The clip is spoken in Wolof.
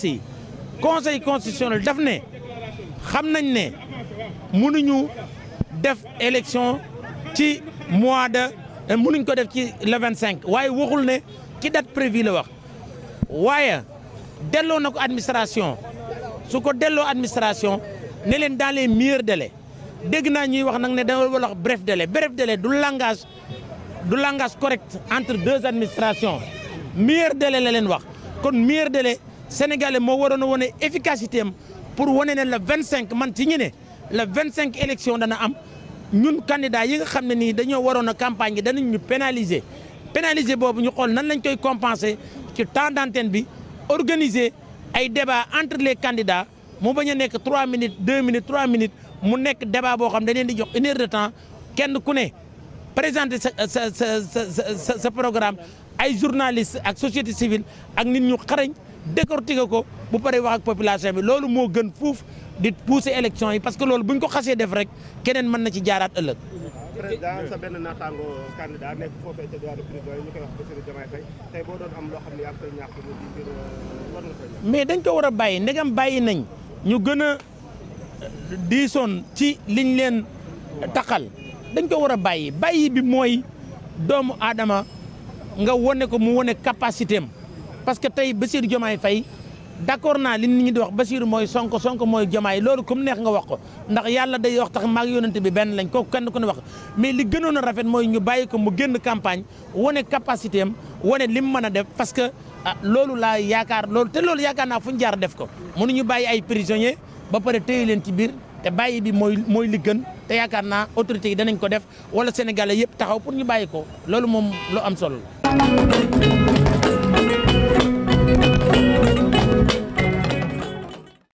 si conseil constitutionnel daf ne xam nañ ne mënuñu def élection ci mois de eh, mënuñ ko def ci le cinq waaye waxul ne ci date prévue la wax waaye delloo na ko administration su ko delloo administration ne leen dans les meilleurs délais dégg naa ñuy wax nag ne dama wax bref délai bref délai du langage du langage correct entre deux administrations meilleur délai la leen wax kon meilleur délai sénégalais moo waroon a wane efficacité am pour wane ne le 25 man ci ñu ne le 25 élection dana am ñun candidat yi nga xam ne nii dañoo waroon a campagne yi danañ ñu pénaliser pénaliser boobu ñu xool nan lañ koy compenser ci temps d'antenne bi organiser ay débat entre les candidats mu ba a nekk 3 minutes 2 minutes 3 minutes mu nekk débat boo xam ne dañ leen di jox une heure de temps kenn ku ne. présenter sa sa sa sa programme ay journaliste ak société civile ak nit ñu xarañ décortiquer ko bu paree wax ak population bi loolu moo gën fuuf di pousser élection yi parce que loolu bu ñu ko xasee def rek keneen mën na ci jaaraat ëllëg. président sa benn naataango candidat nekk foofee ca diwaanu prison am loo xam ne yaa ngi koy euh, mais dañ ko war a bàyyi ndegam bàyyi nañ ñu gën a diisoon ci liñ leen taxal. dañ ko war a bàyyi bàyyi bi mooy doomu aadama nga wane ko mu wane capacité am parce que tey Bassirou Diomaye Faye d'accord naa li nit ñi di wax Bassirou mooy Sonko Sonko mooy Diomaye loolu comme neex nga wax ko ndax yàlla day wax tax maag yoonante bi benn lañ ko kenn ko ne wax mais li gënoon a rafet mooy ñu bàyyi ko mu gën campagne wane capacité am wane li mu mën a def parce que ah, loolu laa yaakaar loolu te loolu yaakaar naa fu ñu jaar def ko ñu bàyyi ay prisonniers ba pare téye leen ci biir te bàyyi bi mooy mooy li gën te yaakaar naa autorité yi danañ ko def wala sénégalais yëpp taxaw pour ñu bàyyi ko loolu moom lu am solo